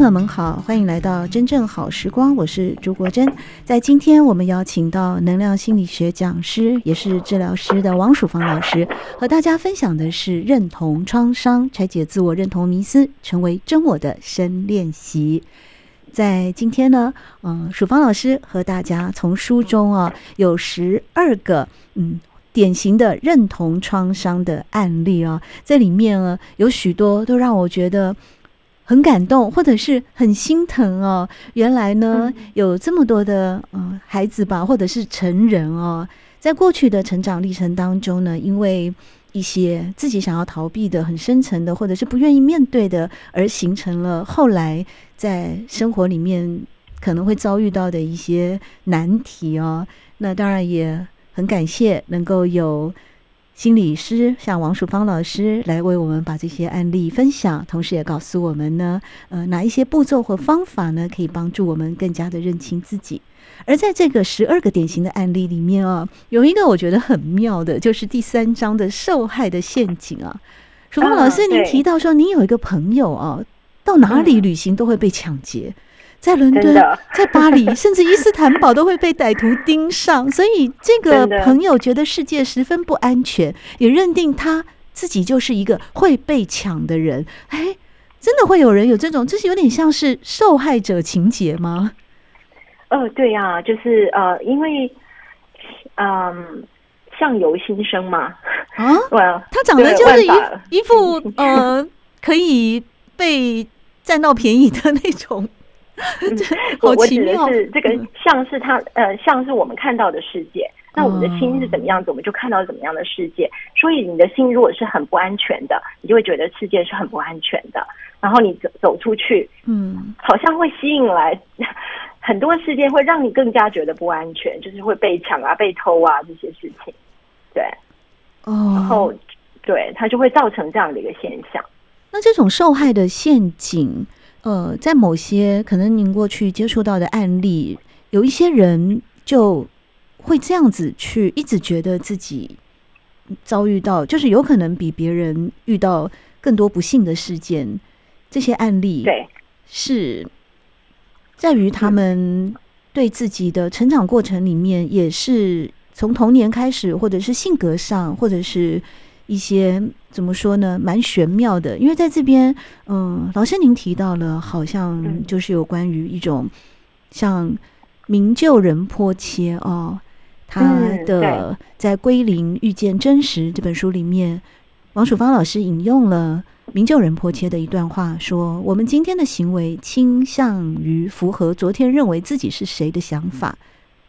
朋友們好，歡迎來到真正好時光，我是朱國珍。在今天，我們邀請到能量心理學講師，也是治療師的王曙芳老師，和大家分享的是認同創傷，拆解自我認同迷思，成為真我的深練習。在今天呢，嗯、呃，曙芳老師和大家從書中啊，有十二個嗯典型的認同創傷的案例啊，在裡面呢、啊、有許多都讓我覺得。很感動，或者是很心疼哦。原來呢，有這麼多的嗯孩子吧，或者是成人哦，在過去的成長歷程當中呢，因為一些自己想要逃避的、很深層的，或者是不願意面對的，而形成了後來在生活裡面可能會遭遇到的一些難題哦。那當然也很感謝能夠有。心理師像王曙芳老師來為我們把這些案例分享，同時也告訴我們呢，呃，哪一些步驟和方法呢，可以幫助我們更加的認清自己。而在這個十二個典型的案例裡面啊，有一個我覺得很妙的，就是第三章的受害的陷阱啊。Oh, 曙芳老師，對您提到說，您有一個朋友啊，到哪裡旅行都會被搶劫。在倫敦，的在巴黎， 甚至伊斯坦堡都會被歹徒盯上，所以這個朋友覺得世界十分不安全，的也認定他自己就是一個會被搶的人。哎，真的會有人有這種，就是有點像是受害者情結嗎？呃，對呀、啊，就是呃，因為嗯，相由心生嘛。啊，well, 他長得就是一一副呃， 可以被佔到便宜的那種。我、 嗯，我指的是這個，像是他呃，像是我們看到的世界。那我們的心是怎麼樣子，我們、嗯、就看到怎麼樣的世界。所以你的心如果是很不安全的，你就會覺得世界是很不安全的。然後你走走出去，嗯，好像會吸引來很多事件，會讓你更加覺得不安全，就是會被搶啊、被偷啊這些事情。對，哦、嗯，然後對，它就會造成這樣的一個現象。那這種受害的陷阱。呃，在某些可能您過去接觸到的案例，有一些人就會這樣子去，一直覺得自己遭遇到，就是有可能比別人遇到更多不幸的事件。這些案例是在於他們對自己的成長過程裡面，也是從童年開始，或者是性格上，或者是一些。怎麼說呢？蠻玄妙的，因為在這邊，嗯，老師您提到了，好像就是有關於一種像明就仁波切哦，他的在《歸零遇見真實》這本書裡面，嗯、王曙芳老師引用了明就仁波切的一段話，說：“我們今天的行為傾向於符合昨天認為自己是誰的想法，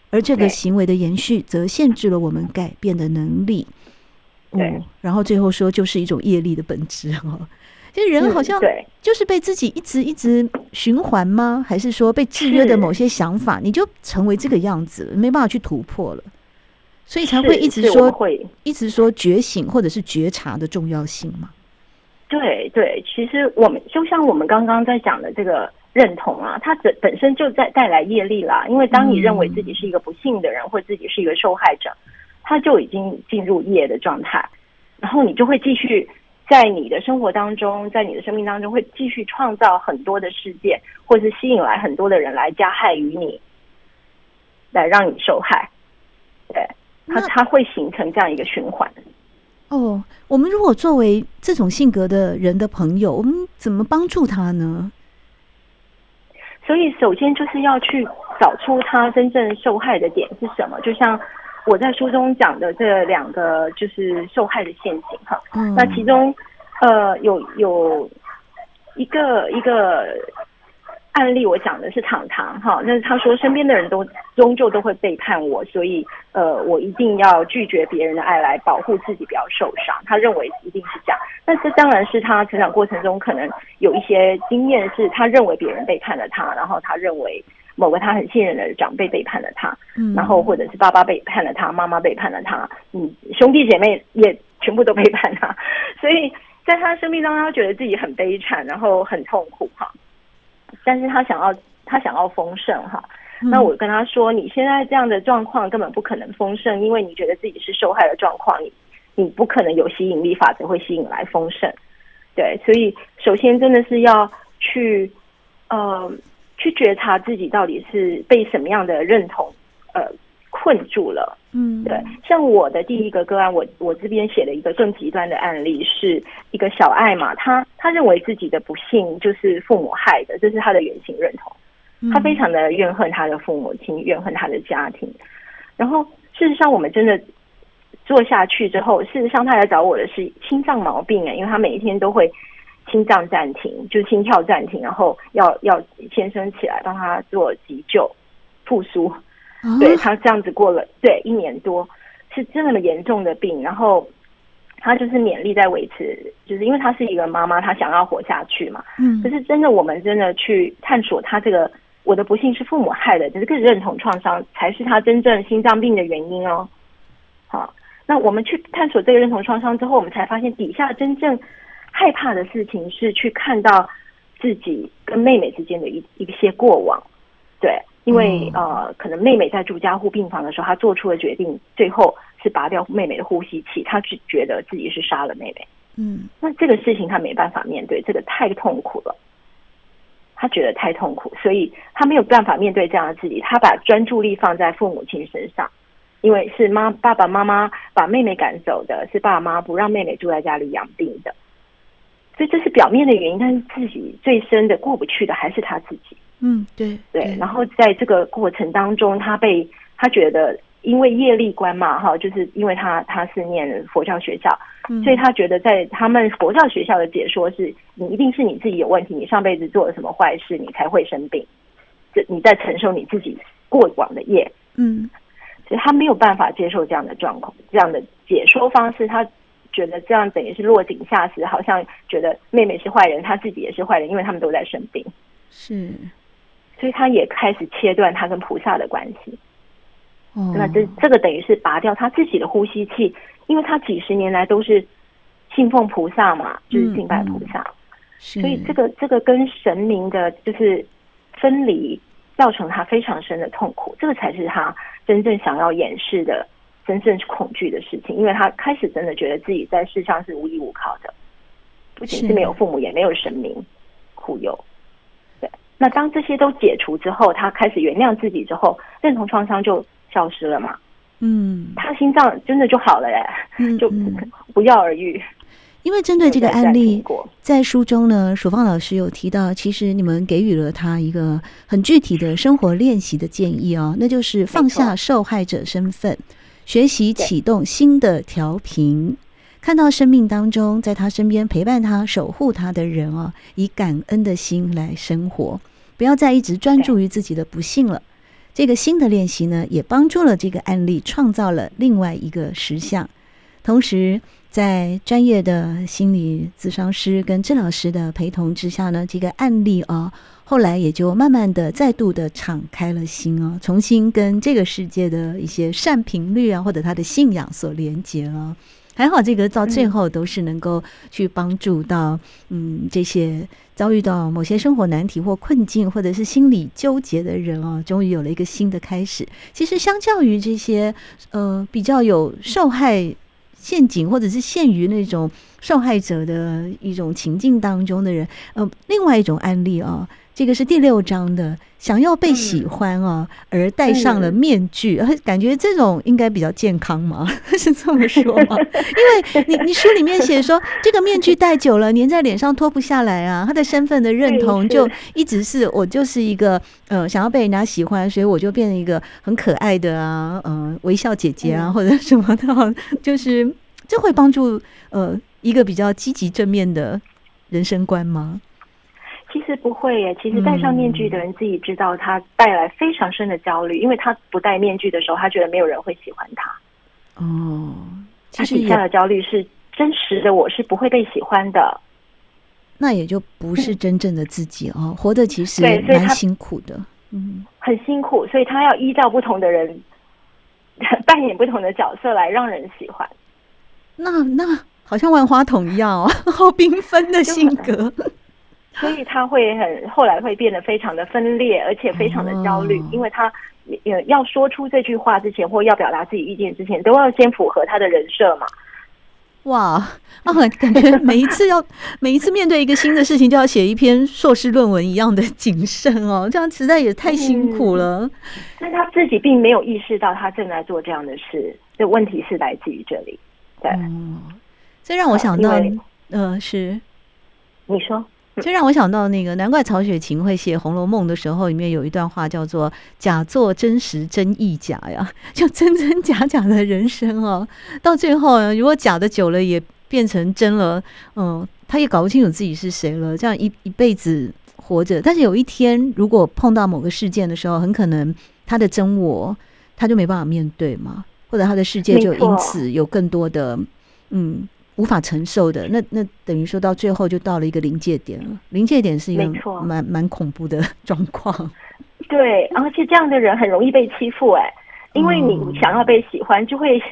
而這個行為的延續，則限制了我們改變的能力。”嗯，對然後最後說，就是一種業力的本質哈，啊，其實人好像對，就是被自己一直一直循環嗎？是還是說被制約的某些想法，是你就成為這個樣子了，沒辦法去突破了，所以才會一直說，會一直說覺醒或者是覺察的重要性嘛？對對，其實我們就像我們剛剛在講的這個認同啊，它本本身就在帶來業力啦，因為當你認為自己是一個不幸的人，嗯、或自己是一個受害者。他就已經進入業的狀態，然後你就會繼續在你的生活當中，在你的生命當中會繼續創造很多的世界，或是吸引來很多的人來加害於你，來讓你受害。對，他那他會形成這樣一個循環。哦，我們如果作為這種性格的人的朋友，我們怎麼幫助他呢？所以，首先就是要去找出他真正受害的點是什麼，就像。我在書中講的這兩個就是受害的陷阱哈，嗯、那其中，呃，有有一個一個案例，我講的是唐唐哈，那他說，身邊的人都終究都會背叛我，所以呃，我一定要拒絕別人的愛來保護自己不要受傷。他認為一定是這樣，但這當然是他成長過程中可能有一些經驗，是他認為別人背叛了他，然後他認為。某個他很信任的長輩背叛了他，嗯，然後或者是爸爸背叛了他，媽媽背叛了他，嗯，兄弟姐妹也全部都背叛他，所以在他的生命當中，他覺得自己很悲慘，然後很痛苦哈。但是他想要，他想要豐盛哈。嗯，那我跟他說，你現在這樣的狀況根本不可能豐盛，因為你覺得自己是受害的狀況，你你不可能有吸引力法則會吸引來豐盛。對，所以首先真的是要去，嗯，呃。去覺察自己到底是被什麼樣的認同呃困住了。嗯，對。像我的第一個個案，我我這邊寫的一個更極端的案例，是一個小艾嘛，他他認為自己的不幸就是父母害的，這是他的原型認同，他非常的怨恨，他的父母親，怨恨他的家庭。然後事實上，我們真的做下去之後，事實上他來找我的是心臟毛病啊，欸，因為他每一天都會。心臟暫停，就是心跳暫停，然後要要先生起來幫他做急救復甦。哦、對他這樣子過了對一年多，是這麼嚴重的病，然後他就是勉力在維持，就是因為他是一個媽媽，他想要活下去嘛。嗯、可是真的，我們真的去探索他這個，我的不幸是父母害的，就是個認同創傷才是他真正心臟病的原因哦。好，那我們去探索這個認同創傷之後，我們才發現底下真正。害怕的事情是去看到自己跟妹妹之間的一一些過往，對，因為、嗯、呃，可能妹妹在住加護病房的時候，她做出了決定，最後是拔掉妹妹的呼吸器，她只覺得自己是殺了妹妹。嗯，那這個事情她沒辦法面對，這個太痛苦了，她覺得太痛苦，所以她沒有辦法面對這樣的自己，她把專注力放在父母親身上，因為是媽爸爸媽媽把妹妹趕走的，是爸媽不讓妹妹住在家裡養病的。所以這是表面的原因，但是自己最深的過不去的還是他自己。嗯，對對，對。然後在這個過程當中，他被他覺得，因為業力觀嘛，哈，就是因為他他是念佛教學校，嗯，所以他覺得在他們佛教學校的解說是，你一定是你自己有問題，你上輩子做了什麼壞事，你才會生病。這你在承受你自己過往的業。嗯，所以他沒有辦法接受這樣的狀況，這樣的解說方式，他。覺得這樣等於是落井下石，好像覺得妹妹是壞人，她自己也是壞人，因為他們都在生病。是，所以他也開始切斷他跟菩薩的關係。哦、嗯，那這這個等於是拔掉他自己的呼吸器，因為他幾十年來都是信奉菩薩嘛，就是敬拜菩薩，嗯、是，所以這個這個跟神明的，就是分離，造成他非常深的痛苦。這個才是他真正想要掩飾的。真正是恐懼的事情，因為他開始真的覺得自己在世上是無依無靠的，不僅是沒有父母，也沒有神明護佑。對，那當這些都解除之後，他開始原諒自己之後，認同創傷就消失了嘛？嗯，他心臟真的就好了耶，嗯、就、嗯、 不藥而愈。因為針對這個案例， 在書中呢，曙芳老師有提到，其實你們給予了他一個很具體的生活練習的建議哦，那就是放下受害者身份。學習啟動新的調頻，對看到生命當中在他身邊陪伴他、守護他的人哦，以感恩的心來生活，不要再一直專注於自己的不幸了。對這個新的練習呢，也幫助了這個案例，創造了另外一個實相。對嗯同時，在專業的心理諮商師跟鄭老師的陪同之下呢，這個案例啊，後來也就慢慢的再度的敞開了心哦、啊，重新跟這個世界的一些善頻率啊，或者他的信仰所連接了。還好，這個到最後都是能夠去幫助到嗯,嗯這些遭遇到某些生活難題或困境，或者是心理糾結的人哦、啊，終於有了一個新的開始。其實，相較於這些呃比較有受害、嗯。陷阱，或者是陷於那種受害者的一種情境當中的人，呃，另外一種案例啊。這個是第六章的，想要被喜歡啊，嗯、而戴上了面具，對感覺這種應該比較健康嗎？是這麼說嗎？ 因為你你書裡面寫說， 這個面具戴久了，粘在臉上脫不下來啊，他的身份的認同就一直是我就是一個呃，想要被人家喜歡，所以我就變成一個很可愛的啊，嗯、呃，微笑姐姐啊，或者什麼的，啊，就是這會幫助呃一個比較積極正面的人生觀嗎？其實不會耶。其實戴上面具的人自己知道，他帶來非常深的焦慮，嗯、因為他不戴面具的時候，他覺得沒有人會喜歡他。哦，其實底下的焦慮是、嗯、真實的，我是不會被喜歡的。那也就不是真正的自己哦，對活得其實蠻辛苦的。嗯，很辛苦，嗯、所以他要依照不同的人扮演不同的角色來讓人喜歡。那那好像萬花筒一樣、哦，好繽紛的性格。所以他會很後來會變得非常的分裂，而且非常的焦慮，哦、因為他呃要說出這句話之前，或要表達自己意見之前，都要先符合他的人設嘛。哇啊，感覺每一次要 每一次面對一個新的事情，就要寫一篇碩士論文一樣的謹慎哦，這樣實在也太辛苦了。那、嗯、他自己並沒有意識到他正在做這樣的事，這問題是來自於這裡。對，嗯、這讓我想到，啊、呃，是你說。就讓我想到那個，難怪曹雪芹會寫《紅樓夢》的時候，裡面有一段話叫做“假作真時真亦假”呀，就真真假假的人生哦、啊。到最後、啊，如果假的久了，也變成真了，嗯，他也搞不清楚自己是誰了。這樣一一輩子活着，但是有一天，如果碰到某個事件的時候，很可能他的真我，他就沒辦法面對嘛，或者他的世界就因此有更多的沒錯。嗯。無法承受的，那那等於說到最後就到了一個臨界點了。臨界點是一個蠻蠻沒錯，恐怖的狀況。對，而且這樣的人很容易被欺負誒、欸，因為你想要被喜歡，就會、嗯、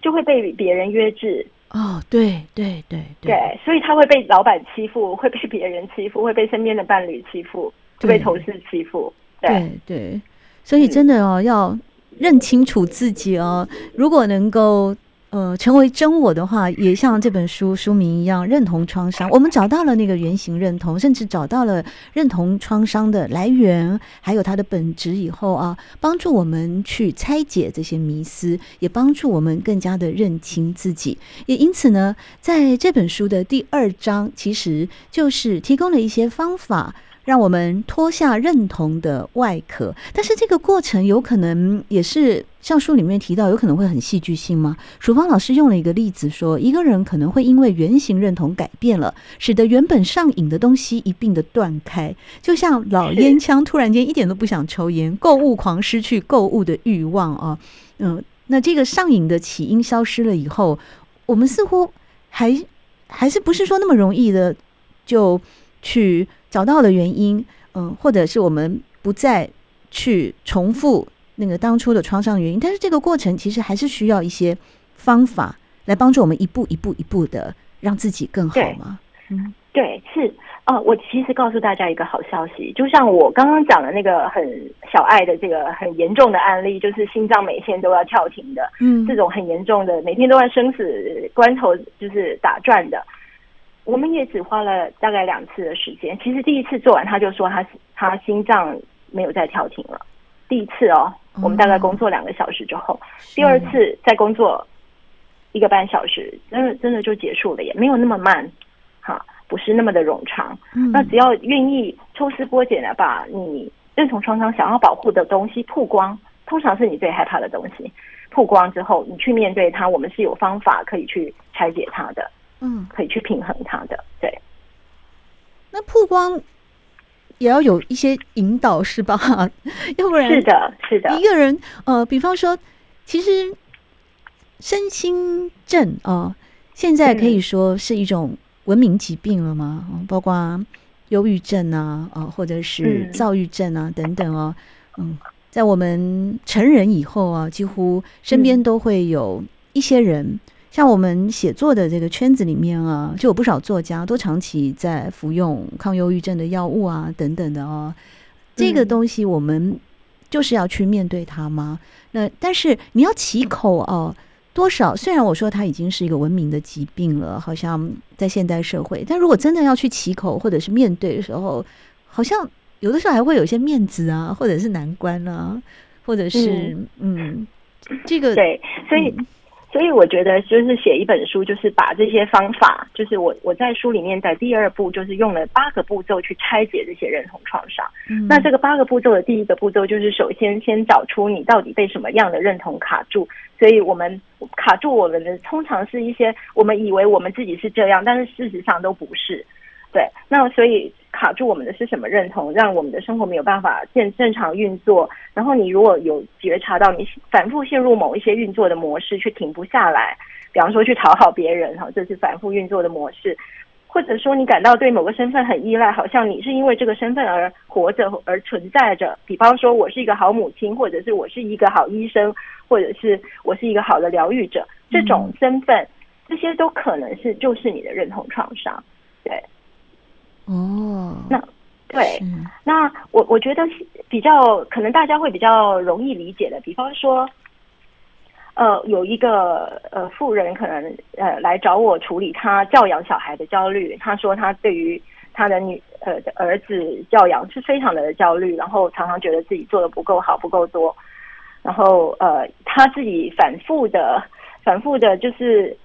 就會被別人約制。哦，對對對對，所以他會被老板欺負，會被別人欺負，會被身邊的伴侶欺負，對，就被同事欺負。對對，對，所以真的哦、喔，嗯、要認清楚自己哦、喔，如果能夠。呃，成為真我的話，也像這本書書名一樣，認同創傷。我們找到了那個原型認同，甚至找到了認同創傷的來源，還有它的本質以後啊，幫助我們去拆解這些迷思，也幫助我們更加的認清自己。也因此呢，在這本書的第二章，其實就是提供了一些方法。讓我們脫下認同的外殼，但是這個過程有可能也是像書裡面提到，有可能會很戲劇性嗎？曙芳老師用了一個例子說，一個人可能會因為原型認同改變了，使得原本上癮的東西一併的斷開，就像老菸槍突然間一點都不想抽菸，購物狂失去購物的欲望啊。嗯，那這個上癮的起因消失了以後，我們似乎還還是不是說那麼容易的就去。找到了原因，嗯，或者是我們不再去重複那個當初的創傷原因，但是這個過程其實還是需要一些方法來幫助我們一步一步一步的讓自己更好嘛。嗯，對，是啊，我其實告訴大家一個好消息，就像我剛剛講的那個很小愛的這個很嚴重的案例，就是心臟每天都要跳停的，嗯，這種很嚴重的每天都在生死關頭就是打轉的。我們也只花了大概兩次的時間。其實第一次做完，他就說他他心臟沒有再跳停了。第一次哦，我們大概工作兩個小時之後，嗯啊、第二次再工作一個半小時，啊、真的真的就結束了也，也沒有那麼慢，哈，不是那麼的冗長。嗯、那只要願意抽絲剝繭的把你認同創傷想要保護的東西曝光，通常是你最害怕的東西曝光之後，你去面對它，我們是有方法可以去拆解它的。嗯，可以去平衡它的，嗯、對。那曝光也要有一些引導是吧？ 要不然是的，是的。一個人，呃，比方說，其實身心症啊、呃，現在可以說是一種文明疾病了嗎？嗯、包括憂鬱症啊、呃，或者是躁鬱症啊，嗯、等等哦、啊。嗯，在我們成人以後啊，幾乎身邊都會有一些人。像我們寫作的這個圈子裡面啊，就有不少作家都長期在服用抗憂鬱症的藥物啊，等等的哦，嗯、這個東西我們就是要去面對它嗎？那但是你要啟口哦、啊，多少？雖然我說它已經是一個文明的疾病了，好像在現代社會，但如果真的要去啟口或者是面對的時候，好像有的時候還會有些面子啊，或者是難關啊，嗯、或者是嗯，這個對，所以。嗯所以我覺得，就是寫一本書，就是把這些方法，就是我我在書裡面的第二步，就是用了八個步驟去拆解這些認同創傷。嗯、那這個八個步驟的第一個步驟，就是首先先找出你到底被什麼樣的認同卡住。所以我們卡住我們的，通常是一些我們以為我們自己是這樣，但是事實上都不是。對，那所以。卡住我們的是什麼認同，讓我們的生活沒有辦法正正常運作？然後你如果有覺察到，你反復陷入某一些運作的模式，卻停不下來。比方說，去討好別人哈，這是反復運作的模式；或者說，你感到對某個身份很依賴，好像你是因為這個身份而活着、而存在着。比方說，我是一個好母親，或者是我是一個好醫生，或者是我是一個好的療癒者，這種身份，這些都可能是就是你的認同創傷，對。哦，那對，是那我我覺得比較可能大家會比較容易理解的，比方說，呃，有一個呃富人可能呃來找我處理他教養小孩的焦慮，他說他對於他的女呃的兒子教養是非常的焦慮，然後常常覺得自己做得不夠好，不夠多，然後呃他自己反覆的反覆的就是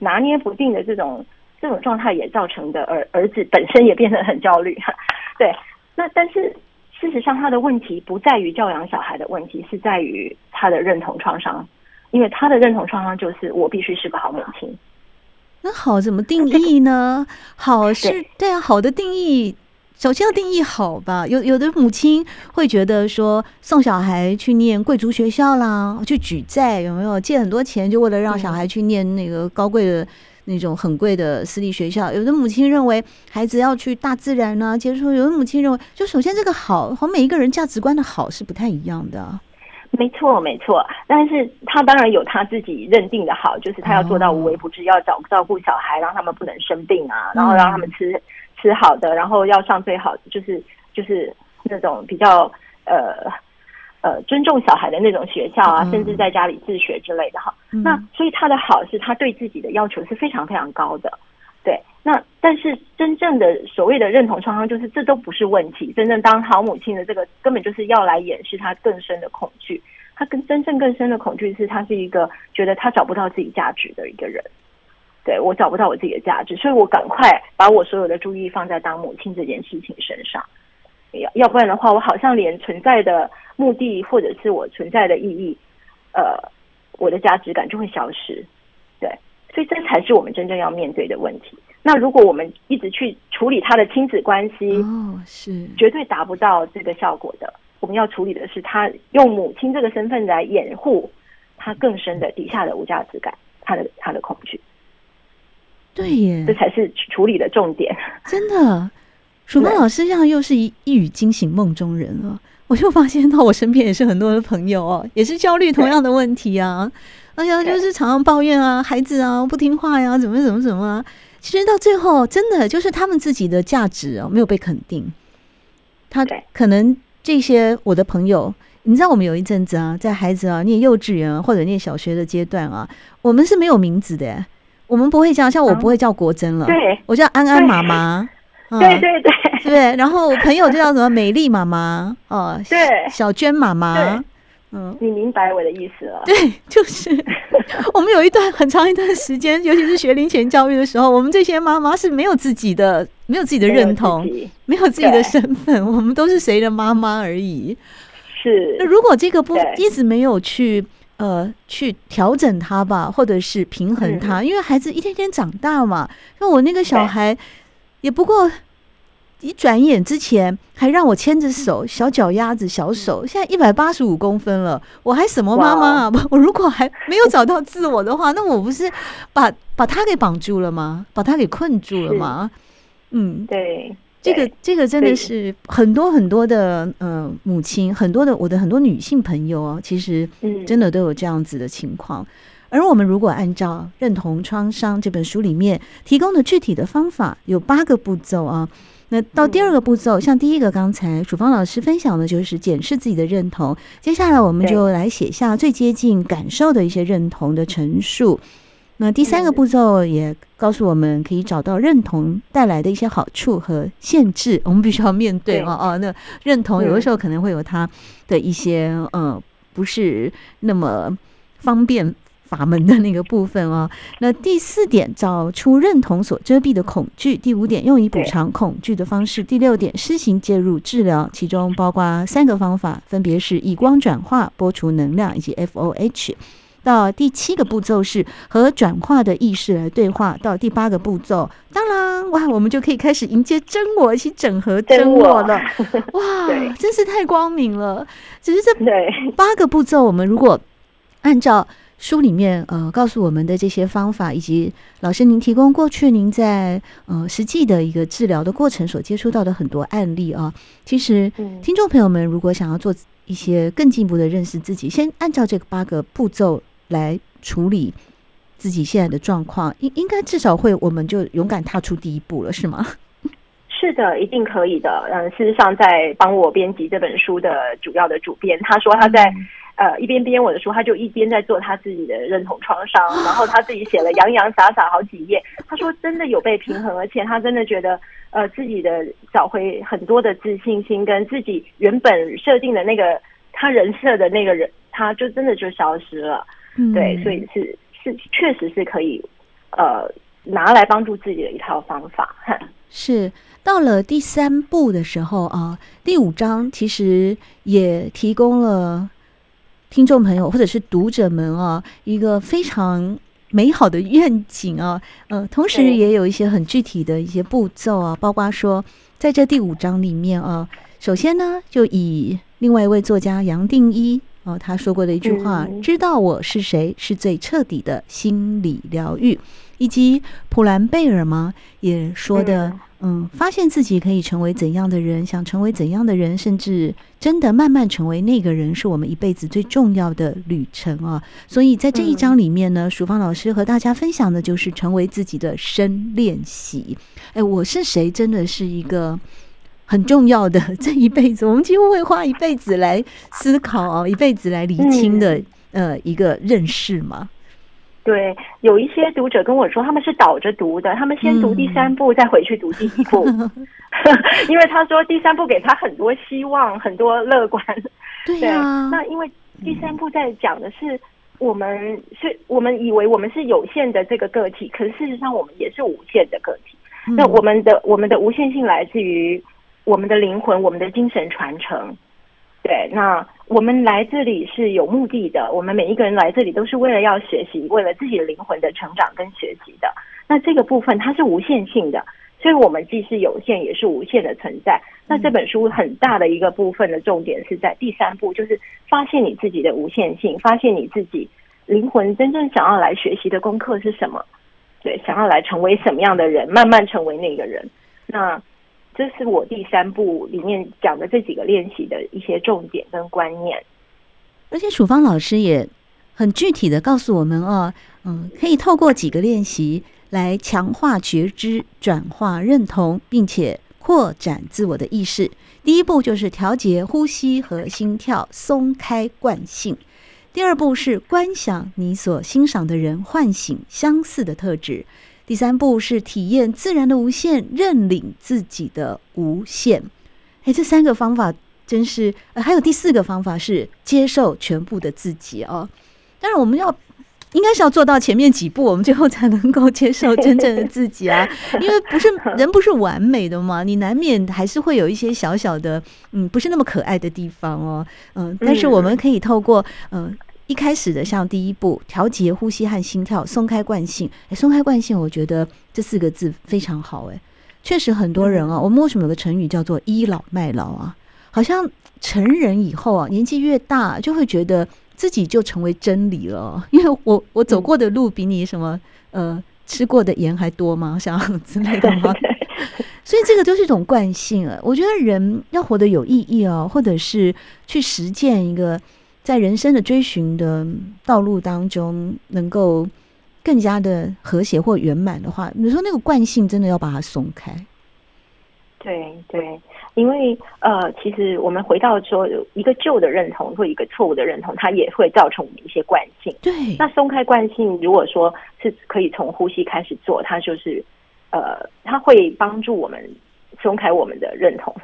拿捏不定的這種。這種狀態也造成的兒兒子本身也變得很焦慮，哈，對。那但是事實上他的問題不在於教養小孩的問題，是在於他的認同創傷。因為他的認同創傷就是我必須是個好母親。那好，怎麼定義呢？好是對啊，好的定義首先要定義好吧？有有的母親會覺得說送小孩去念貴族學校啦，去舉債有沒有？借很多錢，就為了讓小孩去念那個高貴的。那種很貴的私立學校，有的母親認為孩子要去大自然呢、啊，接觸；有的母親認為，就首先這個好和每一個人價值觀的好是不太一樣的、啊。沒錯，沒錯，但是他當然有他自己認定的好，就是他要做到無微不至，哦、要照，照顧小孩，讓他們不能生病啊，嗯、然後讓他們吃吃好的，然後要上最好，就是就是那種比較呃。呃，尊重小孩的那種學校啊，甚至在家裡自學之類的哈。嗯，嗯。那所以他的好是他對自己的要求是非常非常高的。對，那但是真正的所謂的認同創傷，就是這都不是問題。真正當好母親的這個根本就是要來掩飾他更深的恐懼。他更真正更深的恐懼是他是一個覺得他找不到自己價值的一個人。對，我找不到我自己的價值，所以我趕快把我所有的注意放在當母親這件事情身上。要要不然的話，我好像連存在的目的或者是我存在的意義，呃，我的價值感就會消失，對，所以這才是我們真正要面對的問題。那如果我們一直去處理他的親子關係，哦、oh, 是，是絕對達不到這個效果的。我們要處理的是他用母親這個身份來掩護他更深的底下的無價值感，mm hmm. 他的他的恐懼。對耶、嗯，這才是處理的重點，真的。曙芳老師，這樣又是一一語驚醒夢中人了。我就發現到我身邊也是很多的朋友哦，也是焦慮同樣的問題啊。對而且就是常常抱怨啊，孩子啊不聽話呀、啊，怎麼怎麼怎麼。啊。其實到最後，真的就是他們自己的價值啊，沒有被肯定。他對可能這些我的朋友，你知道我們有一陣子啊，在孩子啊念幼稚園、啊、或者念小學的階段啊，我們是沒有名字的、欸，我們不會叫、嗯、像我不會叫國珍了，對我叫安安媽媽。對對對，對。然後我朋友就叫什麼美麗媽媽哦，對，小娟媽媽。嗯，你明白我的意思了？對，就是我們有一段很長一段時間，尤其是學齡前教育的時候，我們這些媽媽是沒有自己的、沒有自己的認同，沒有自己的身份，我們都是誰的媽媽而已。是。那如果這個不一直沒有去呃去調整它吧，或者是平衡它，因為孩子一天天長大嘛。那我那個小孩。也不過一轉眼，之前還讓我牽着手，小腳丫子、小手，現在一百八十五公分了，我還什麼媽媽啊？Wow. 我如果還沒有找到自我的話，那我不是把把他給綁住了嗎？把他給困住了嗎？是嗯，對，這個這個真的是很多很多的對呃母親，很多的我的很多女性朋友哦，其實真的都有這樣子的情況。而我們如果按照《認同創傷》這本書裡面提供的具體的方法，有八個步驟啊。那到第二個步驟，像第一個，剛才曙芳老師分享的就是檢視自己的認同。接下來，我們就來寫下最接近感受的一些認同的陳述。對那第三個步驟也告訴我們可以找到認同帶來的一些好處和限制，我們必須要面對哦、啊、對哦，那認同有的時候可能會有它的一些對呃，不是那麼方便。法門的那個部分哦。那第四點，找出認同所遮蔽的恐懼；第五點，用以補償恐懼的方式；第六點，施行介入治療，其中包括三個方法，分別是以光轉化、播出能量以及 FOH。到第七個步驟是和轉化的意識來對話；到第八個步驟，當然哇，我們就可以開始迎接真我，一起整合真我了。我哇，對 真是太光明了！只是這八個步驟，我們如果按照。書裡面呃告訴我們的這些方法，以及老師您提供過去您在呃實際的一個治療的過程所接觸到的很多案例啊，其實聽眾朋友們如果想要做一些更進一步的認識自己，先按照這個八個步驟來處理自己現在的狀況，應應該至少會，我們就勇敢踏出第一步了，是嗎？是的，一定可以的。嗯，事實上在幫我編輯這本書的主要的主編，他說他在。嗯呃，一邊編我的書，他就一邊在做他自己的認同創傷，然後他自己寫了洋洋灑灑好幾頁。他說真的有被平衡，而且他真的覺得，呃，自己的找回很多的自信心，跟自己原本設定的那個他人設的那個人，他就真的就消失了。嗯，對，所以是是確實是可以，呃，拿來幫助自己的一套方法。嗯，是到了第三步的時候啊，第五章其實也提供了。聽眾朋友或者是讀者們啊，一個非常美好的願景啊，呃，同時也有一些很具體的一些步驟啊，對包括說在這第五章裡面啊，首先呢，就以另外一位作家楊定一。哦、他說過的一句話：“嗯、知道我是誰，是最徹底的心理療癒。”以及普蘭貝爾嗎也說的，嗯，嗯，發現自己可以成為怎樣的人，想成為怎樣的人，甚至真的慢慢成為那個人，是我們一輩子最重要的旅程啊！所以在這一章裡面呢，嗯、曙芳老師和大家分享的就是成為自己的深練習。哎、欸，我是誰，真的是一個。很重要的這一輩子，我們幾乎會花一輩子來思考，哦，一輩子來理清的、嗯、呃一個認識嘛？對，有一些讀者跟我說，他們是倒着讀的，他們先讀第三部，嗯、再回去讀第一部， 因為他說第三部給他很多希望，很多樂觀。對啊，對，那因為第三部在講的是、嗯、我們是我們以為我們是有限的這個個體，可是事實上我們也是無限的個體。嗯、那我們的我們的無限性來自於。我們的靈魂，我們的精神傳承，對。那我們來這裡是有目的的，我們每一個人來這裡都是為了要學習，為了自己靈魂的成長跟學習的。那這個部分它是無限性的，所以我們既是有限，也是無限的存在。那這本書很大的一個部分的重點是在第三步，就是發現你自己的無限性，發現你自己靈魂真正想要來學習的功課是什麼，對，想要來成為什麼樣的人，慢慢成為那個人。那。這是我第三步裡面講的這幾個練習的一些重點跟觀念，而且曙芳老師也很具體的告訴我們哦，啊，嗯，可以透過幾個練習來強化覺知、轉化認同，並且擴展自我的意識。第一步就是調節呼吸和心跳，鬆開慣性；第二步是觀想你所欣賞的人，喚醒相似的特質。第三步是體驗自然的無限，認領自己的無限。誒，這三個方法真是……呃、還有第四個方法是接受全部的自己哦。當然我們要應該是要做到前面幾步，我們最後才能夠接受真正的自己啊。 因為不是人不是完美的嘛，你難免還是會有一些小小的……嗯，不是那麼可愛的地方哦。嗯、呃，但是我們可以透過嗯。呃一開始的像第一步，調節呼吸和心跳，鬆開慣性。哎、欸，鬆開慣性，我覺得這四個字非常好、欸。哎，確實很多人啊，我們為什麼有個成語叫做“倚老賣老”啊？好像成人以後啊，年紀越大，就會覺得自己就成為真理了。因為我我走過的路比你什麼、嗯、呃吃過的鹽還多嗎？像之類的嗎？ 所以這個就是一種慣性啊。我覺得人要活得有意義哦、啊，或者是去實踐一個。在人生的追尋的道路當中，能夠更加的和諧或圓滿的話，你說那個慣性真的要把它鬆開？對對，因為呃，其實我們回到說，一個舊的認同或一個錯誤的認同，它也會造成我們一些慣性。對，那鬆開慣性，如果說是可以從呼吸開始做，它就是呃，它會幫助我們鬆開我們的認同。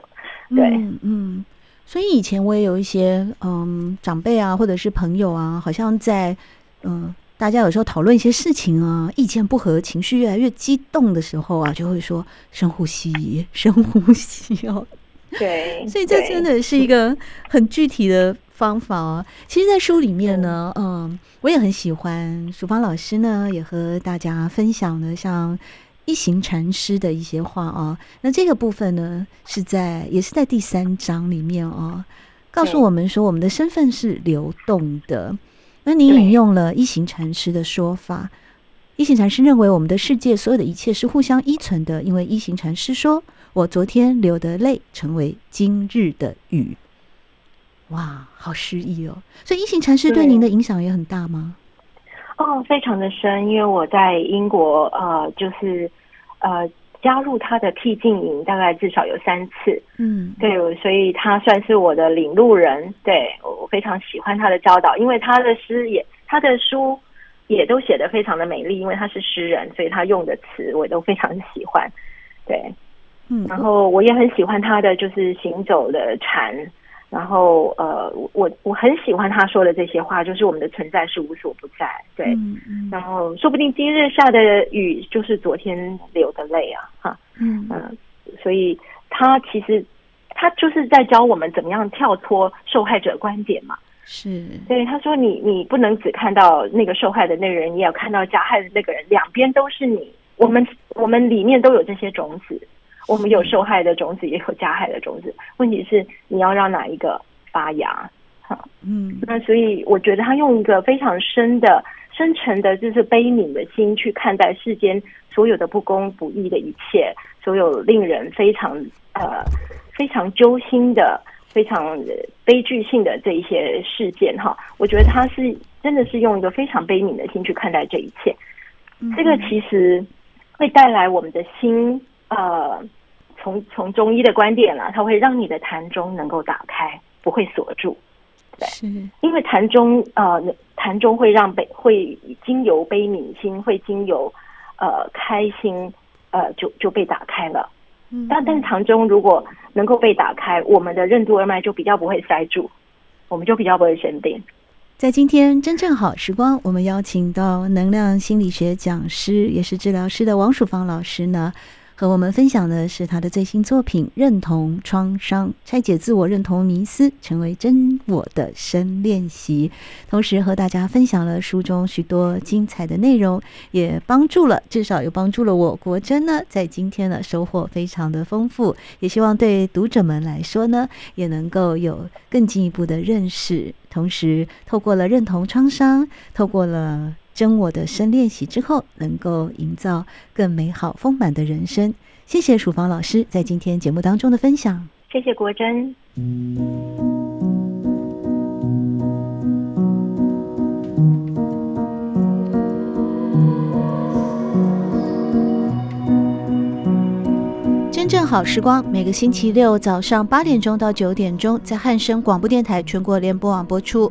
對，嗯。嗯所以以前我也有一些嗯長輩啊，或者是朋友啊，好像在嗯大家有時候討論一些事情啊，意見不合，情緒越來越激動的時候啊，就會說深呼吸，深呼吸哦。對，對 所以這真的是一個很具體的方法哦、啊。其實，在書裡面呢，嗯，嗯，我也很喜歡，曙芳老師呢也和大家分享了，像一行禪師的一些話啊、哦，那這個部分呢，是在也是在第三章裡面哦，告訴我們說我們的身份是流動的。那您對引用了一行禪師的說法，對一行禪師認為我們的世界所有的一切是互相依存的，因為一行禪師說：“我昨天流的淚成為今日的雨。”哇，好詩意哦！所以一行禪師對您的影響也很大嗎？哦，oh, 非常的深，因為我在英國，呃，就是呃，加入他的僻靜營，大概至少有三次。嗯，對，所以他算是我的領路人，對，我非常喜歡他的教導，因為他的詩也，他的書也都寫得非常的美麗，因為他是詩人，所以他用的詞我都非常喜歡。對，嗯，然後我也很喜歡他的就是行走的禪。然後呃，我我很喜歡他說的這些話，就是我們的存在是無所不在，對。嗯嗯、然後說不定今日下的雨就是昨天流的淚啊，哈，嗯嗯、呃。所以他其實他就是在教我們怎麼樣跳脫受害者觀點嘛，是對。他說，你你不能只看到那個受害的那個人，你也要看到加害的那個人，兩邊都是你，我們、嗯、我們裡面都有這些種子。我們有受害的種子，也有加害的種子。問題是，你要讓哪一個發芽？哈，嗯，那所以我覺得他用一個非常深的、深沉的，就是悲憫的心去看待世間所有的不公不義的一切，所有令人非常呃非常揪心的、非常悲劇性的這一些事件。哈、啊，我覺得他是真的是用一個非常悲憫的心去看待這一切。這個其實會帶來我們的心，呃。從從中醫的觀點啊，它會讓你的膻中能夠打開，不會鎖住，對，是因為膻中呃膻中會讓被會經由悲憫心會經由呃開心呃就就被打開了，嗯，但但是膻中如果能夠被打開，我們的任督二脈就比較不會塞住，我們就比較不會生病。在今天真正好時光，我們邀請到能量心理學講師也是治療師的王曙芳老師呢。和我們分享的是他的最新作品《認同創傷：拆解自我認同迷思，成為真我的深練習》，同時和大家分享了書中許多精彩的內容，也幫助了至少有幫助了我國珍呢，在今天的收穫非常的豐富。也希望對讀者們來說呢，也能夠有更進一步的認識，同時透過了認同創傷，透過了。真我的深練習之後，能夠營造更美好、豐滿的人生。謝謝曙芳老師在今天節目當中的分享。謝謝國珍。真正好時光，每個星期六早上八點鐘到九點鐘，在漢聲廣播電台全國聯播網播出。